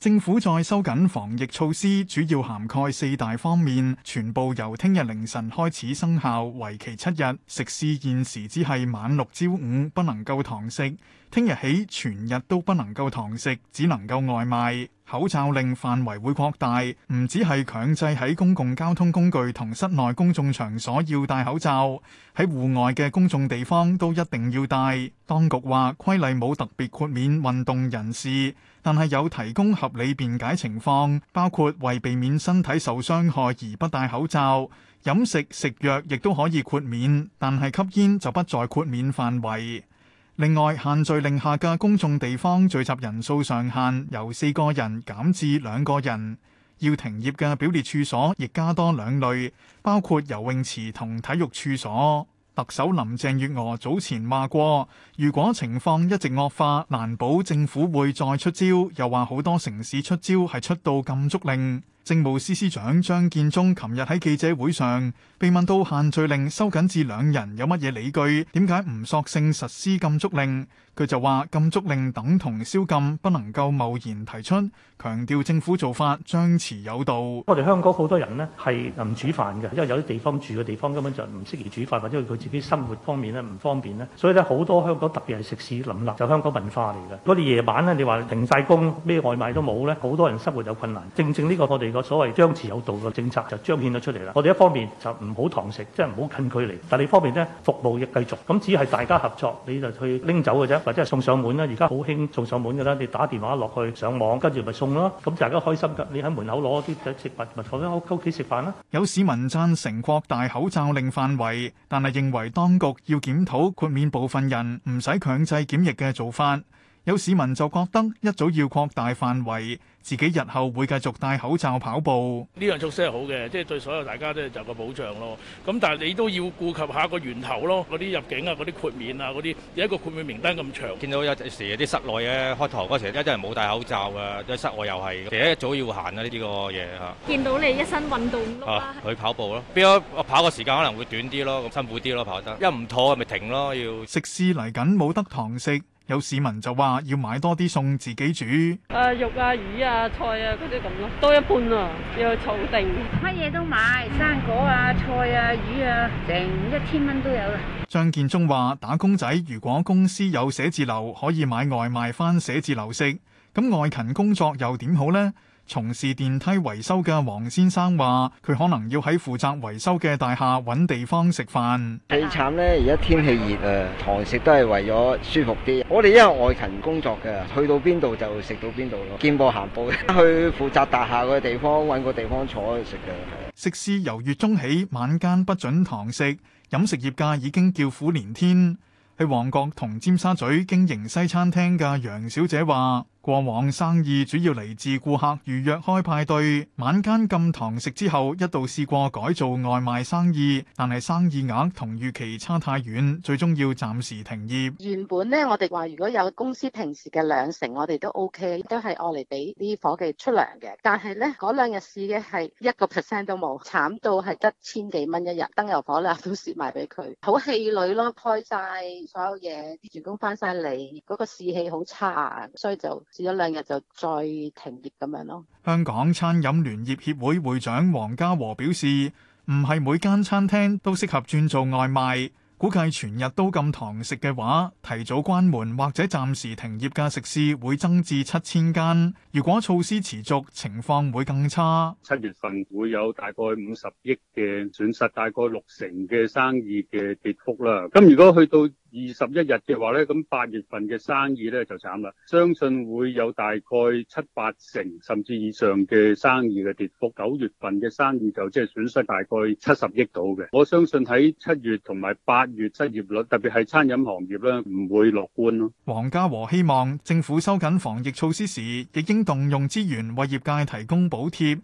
政府再收緊防疫措施，主要涵蓋四大方面，全部由聽日凌晨開始生效，為期七日。食肆現時只係晚六朝五不能夠堂食，聽日起全日都不能夠堂食，只能夠外賣。口罩令範圍會擴大，唔止係強制喺公共交通工具同室內公眾場所要戴口罩，喺戶外嘅公眾地方都一定要戴。當局話規例冇特別豁免運動人士，但係有提供合理辯解情況，包括為避免身體受傷害而不戴口罩。飲食食藥亦都可以豁免，但係吸煙就不在豁免範圍。另外，限聚令下嘅公眾地方聚集人數上限由四個人減至兩個人，要停業嘅表列處所亦加多兩類，包括游泳池同體育處所。特首林鄭月娥早前話過，如果情況一直惡化，難保政府會再出招，又話好多城市出招係出到禁足令。政務司司長張建宗琴日喺記者會上被問到限聚令收緊至兩人有乜嘢理據，點解唔索性實施禁足令？佢就話禁足令等同宵禁，不能夠貿然提出，強調政府做法張弛有度。我哋香港好多人呢係唔煮飯嘅，因為有啲地方住嘅地方根本就唔適宜煮飯，或者佢自己生活方面呢唔方便咧，所以咧好多香港特別係食肆林立就香港文化嚟嘅。如果夜晚呢，你話停晒工，咩外賣都冇呢，好多人生活有困難。正正呢個我哋。個所謂「張弛有道」嘅政策就彰顯咗出嚟啦！我哋一方面就唔好堂食，即係唔好近距離；但另一方面呢，服務亦繼續。咁只係大家合作，你就去拎走嘅啫，或者係送上門啦。而家好興送上門嘅啦，你打電話落去上網，跟住咪送咯。咁大家開心嘅，你喺門口攞啲食物，咪坐喺屋企食飯啦，啊。有市民贊成擴大口罩令範圍，但係認為當局要檢討豁免部分人唔使強制檢疫嘅做法。有市民就覺得一早要擴大範圍，自己日後會繼續戴口罩跑步。呢樣措施係好嘅，即係對所有大家都係就個保障咯。咁但係你都要顧及下個源頭咯，嗰啲入境啊、嗰啲豁免啊、嗰啲有一個豁免名單咁長。見到有時啲室內啊，開頭嗰時，一啲人冇戴口罩呀，即係室外又係。其實一早要行啊呢啲個嘢吓。見到你一身運動 look 啊，去跑步咯。邊個跑個時間可能會短啲咯，咁辛苦啲咯跑得。一唔妥咪停咯，要食肆嚟緊冇得堂食。有市民就話要買多啲餸自己煮，誒肉啊、魚啊、菜啊嗰啲咁咯，多一半啊，要儲定，乜嘢都買，生果啊、菜啊、魚啊，成一千蚊都有啦。張建宗話：打工仔如果公司有寫字樓，可以買外賣返寫字樓食，咁外勤工作又點好呢？從事電梯維修嘅黃先生話：佢可能要喺負責維修嘅大廈揾地方食飯。地慘呢，而家天氣熱啊，堂食都係為咗舒服啲。我哋因為外勤工作嘅，去到邊度就食到邊度咯，見步行步去負責大廈嘅地方揾個地方坐去食嘅。食肆由月中起晚間不准堂食，飲食業界已經叫苦連天。喺旺角同尖沙咀經營西餐廳嘅楊小姐話。過往生意主要嚟自顧客預約開派對，晚間禁堂食之後，一度試過改做外賣生意，但係生意額同預期差太遠，最終要暫時停業。原本咧，我哋話如果有公司平時嘅兩成，我哋都 OK，都係我嚟俾啲夥計出糧嘅。但係咧，嗰兩日試嘅係一個 percent 都冇，慘到係得千幾蚊一日，燈油火蠟都蝕埋俾佢，好氣餒咯，開晒所有嘢，啲員工返晒嚟，嗰個士氣好差，所以就。試咗兩日就再停業咁樣咯。香港餐飲聯業協會會長黃家和表示，唔係每間餐廳都適合轉做外賣。估計全日都禁堂食嘅話，提早關門或者暫時停業嘅食肆會增至七千間。如果措施持續，情況會更差。七月份會有大概五十億嘅損失，大概六成嘅生意嘅跌幅啦。咁如果去到二十一日嘅話呢，咁八月份嘅生意呢就慘啦，相信會有大概七八成甚至以上嘅生意嘅跌幅。九月份嘅生意就即係損失大概七十億到嘅。我相信喺七月同埋八。月失業率，特別係餐飲行業咧，唔會樂觀咯。黃家和希望政府收緊防疫措施時，亦應動用資源為業界提供補貼。